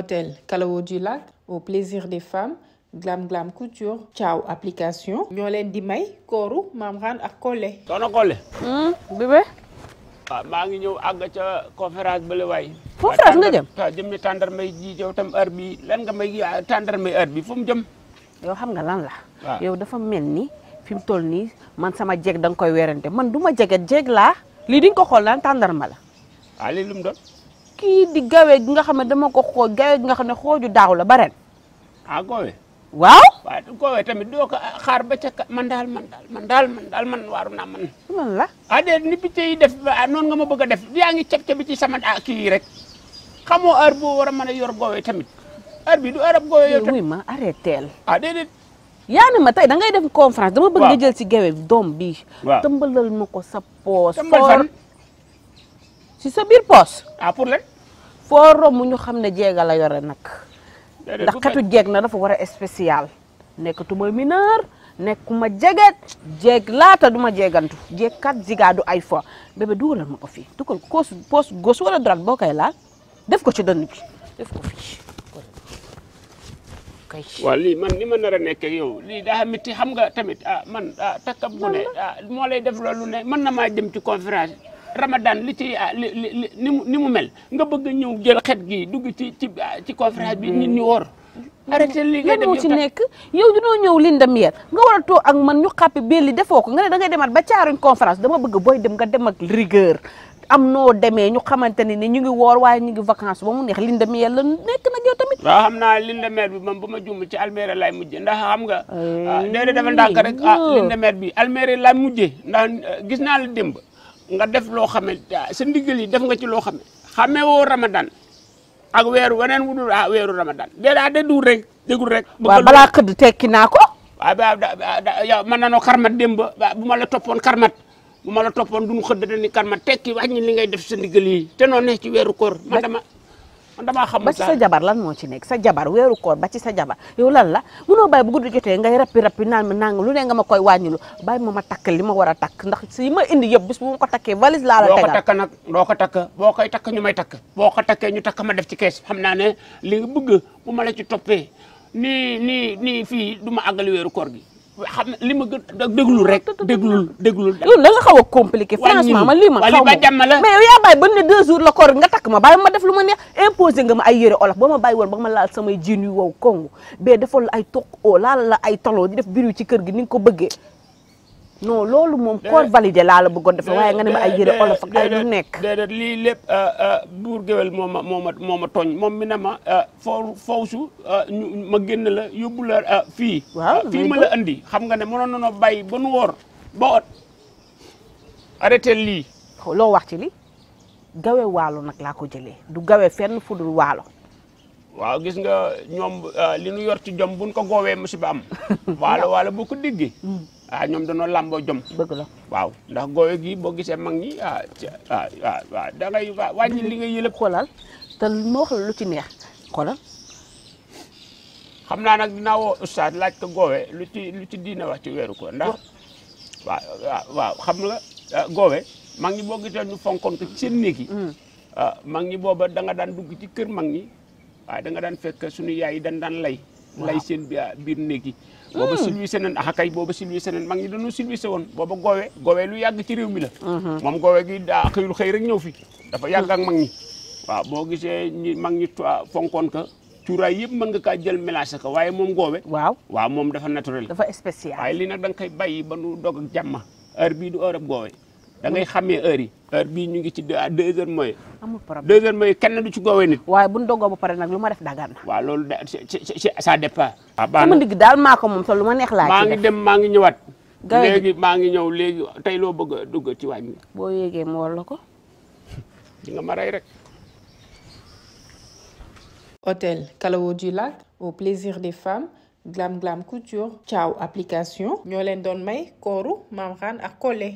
hôtel Kalaojilak au plaisir des femmes Glam Glam Couture Thiaw application ñoo leen di may kooru Maam Xaan ak Kole soxna Kole hmm, bébé ah, maa ngi ñëw àgg ca conférence ba la waay conférence nga jëm waaw ah, jëm ne tàndarmay ji yow tam heure bi lan nga may ah, tàndarmay heure bi fu mu jëm yow xam nga lan la yow dafa mel ni fi mu toll nii man sama jeeg da nga koy werante man du ma jeget jeeg laa lii di ko xool naan tàndarma la waaw lii lu doon kii di gawe gi nga xam ne dama ko xooj gawe xam ne xooju daaw la ba ren. ah goowe. tamit doo ko xaar ba ca man daal man man daal man daal man waaru a man. la. ah déedéet ni picc yi def ah, noonu nga ma bëgg a def yaa ngi cëb cëb ci sama ah, kii yi rek xamoo heure boo war a mën a yor goowe tamit heure bi du heure goowe yor tamit. ma arrêté la. ah tey da ngay def si gawe doom bi. waaw tëmbalal ma si sa biir poos ah pour léegi. foo mu ñu xam ne jéega la yore nag. ndax xetu jeeg na dafa war a special spécial. nekkatuma mineur nekkuma jeget jeeg laata duma jeegantu jeeg kat ziga du ay fois bébé dugalal ma ko fii dugal ko gos gauche wala droite boo koy laal def ko ci dënn bi def ko fii. lii man ni ma nar a yow lii daa metti xam nga tamit ah man ah takkam ah, moo lay def loolu ne mën na maa jëm ci conférence. Ramadan li ci ah, li ni mu mel nga bëgg a ñëw jël xet gi dugg ci ci ah, ci conférence bi nit ñi woor. arrêté li ngay dem ci nekk yow dinoo ñëw Lindamière nga war a toog ak man ñu xàppi belli defoo ko nga ne dangay demaat ba caaruñ conférence dama bëgg booy dem nga dem ak rigueur. am noo demee ñu xamante ne ni ñu ngi woor waaye ñu ngi vacance ba mu neex Lindamière la nekk nag yow tamit. waaw xam naa Lindamière bi moom bu ma juum ci Almere lay mujjee ndax xam nga. Ah, déedéet dafa ndànk rek ah eh, Lindamière bi Almere laay mujjee ndax gis naa la démb. nga def loo xame sa ndigal yi def nga ci loo xame xamee woo ramadan ak weeru weneen wu dul a ah, weeru ramadan déedéet déglu rek déglu rek. waaw balaa xëdd tekki naa ko. waaw yow mën na noo karmat démb bu ma la toppoon karmat bu ma la toppoon duñu xëdd dañuy karmat tekki wàññi li ngay def sa ndigal yi te noo ne ci weeru koor man man damaa xamul ba ci sa jabar lan moo ci nekk sa jabar weeru koor ba ci sa jabar yow lan la munoo bàyyi bu guddi nga ngay rappi rappi naan ma naan lu ne nga ma koy wàññilu bàyyi ma ma takk li ma war a takk ndax si ma indi yëpp bis bu ma ko takkee valise laa la tegal doo ko takk nag doo ko takk boo koy takk ñu may takk boo ko takkee ñu takk ma def ci kees xam naa ne li nga bëgg bu ma la ci toppee nii nii nii fii du ma àggali weeru koor gi xam li ma gën déglul rek déglul déglul. loolu da nga xaw a compliqué. franchement man lii man xaw ma mais yow yaa bàyyi ba ne deux jours la koor nga takk ma bàyyi ma def lu ma neex imposé nga ma ay yére olof ba ma bàyyi woon ba ma laal samay jiin yu wow kongu bee defal la ay toq oo laal la ay taloo di def biir ci kër gi ni nga ko bëggee non loolu moom corps validé laa la bëggoon dafa waaye nga ne ma ay yëre olof ay du nekk lii lépp euh, euh, buur géwél moo ma moo ma moo ma tooñ moom mi ne ma euh, foo fawsu ñu ma génn la yóbbu la fii waaw fii ma la andi xam nga ne mënoon nanoo bàyyi ba nu woor ba ot arrêté lii loo wax ci li gawe waalo nag laa ko jëlee du gawe fenn fu dul waalo waaw gis nga ñoom li nu yor ci jom buñ ko goowee musiba am waalo waalo boo ko déggee mm. ah ñoom danoo lamboo jom. dëgg la waaw ndax gooyo gi boo gisee mag ñi ah ah, ah ah da li nga yëlëb. xoolal te ma wax lu ci neex xoolal. xam naa nag dina woo oustaz laaj ko goowe lu ci lu ci wax ci weeru koor ndax. waaw xam nga ah, goowe mag ñi boo gisee ñu fonkoon ko ci seen néeg yi. Mm. Ah, mag ñi booba danga daan dugg ci kër mag ñi waaye da daan fekk sunu yaay yi dañ daan lay. lay seen bi ah, biir néeg yi hmm. booba silvissé nañ axakay ah, booba silvissé nañ mag ñi dañoo silvissé woon booba goowe goowe lu yàgg ci réew mi la hmm. moom goowe gi daa xëyul xëy rek ñëw fi dafa yàgg ak mag ñi waaw boo gisee ñi mag ñi ah, fonkoon ka cuuraay yëpp mën nga kaa jël mélange ko waaye moom goowe waaw moom dafa naturel dafa spécial waaye lii nag da nga koy bàyyi ba nu dog ak jàmm heure bii du heure ab goowe da ngay xamee heure yi heure bii ñu ngi ci deux heures mooy amul problème deuxième mooy kenn du ci goowee nit. waaye bu ñu dogoo ba pare nag lu ma def dagan na. waaw loolu da ça dépend. ah baax na ndig daal maa ko moom te lu ma neex laa ci def maa ngi dem maa ngi ñëwaat. léegi maa ngi ñëw léegi tey loo bëgg a dugg ci wàññi. boo yéegee mu war la ko. di nga rek. hôtel Calao du Lac au plaisir des femmes Glam Glam Couture. Thiaw application. ñoo leen doon may kooru Mame Rane ak Collé.